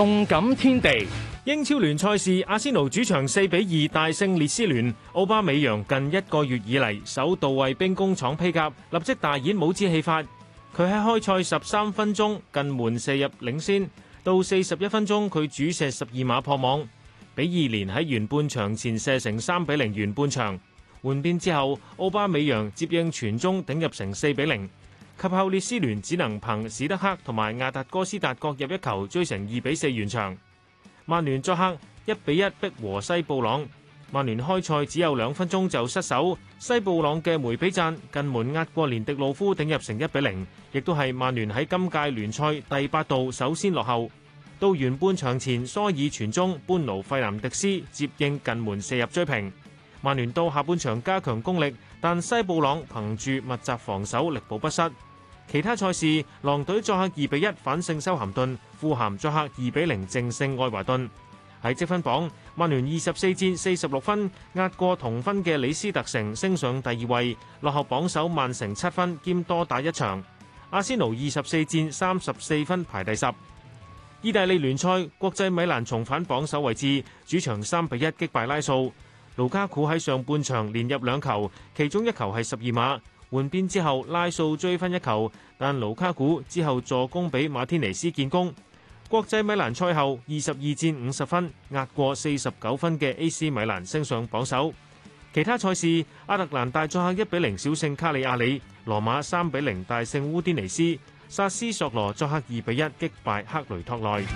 動感天地，英超聯賽事，阿仙奴主場四比二大勝列斯聯。奧巴美揚近一個月以嚟首度為兵工廠披甲，立即大演帽子戲法。佢喺開賽十三分鐘近門射入領先，到四十一分鐘佢主射十二碼破網，比二連喺完半場前射成三比零完半場。換邊之後，奧巴美揚接應傳中頂入成四比零。及後列斯聯只能憑史德克同埋亞達哥斯達各入一球，追成二比四完場。曼聯作客一比一逼和西布朗。曼聯開賽只有兩分鐘就失守，西布朗嘅梅比讚近門壓過連迪魯夫頂入成一比零，亦都係曼聯喺今屆聯賽第八度首先落後。到完半場前，蘇爾傳中，班奴費南迪斯接應近門射入追平。曼聯到下半場加強攻力，但西布朗憑住密集防守力保不失。其他賽事，狼隊作客二比一反勝修咸頓，富咸作客二比零淨勝愛華頓。喺積分榜，曼聯二十四戰四十六分，壓過同分嘅李斯特城，升上第二位，落後榜首曼城七分兼多打一場。阿仙奴二十四戰三十四分排第十。意大利聯賽，國際米蘭重返榜首位置，主場三比一擊敗拉素，盧卡古喺上半場連入兩球，其中一球係十二碼。換邊之後拉素追分一球，但盧卡古之後助攻俾馬天尼斯建功。國際米蘭賽後二十二戰五十分，壓過四十九分嘅 AC 米蘭升上榜首。其他賽事，阿特蘭大作客一比零小勝卡里亞里，羅馬三比零大勝烏丁尼斯，薩斯索羅作客二比一擊敗克雷托內。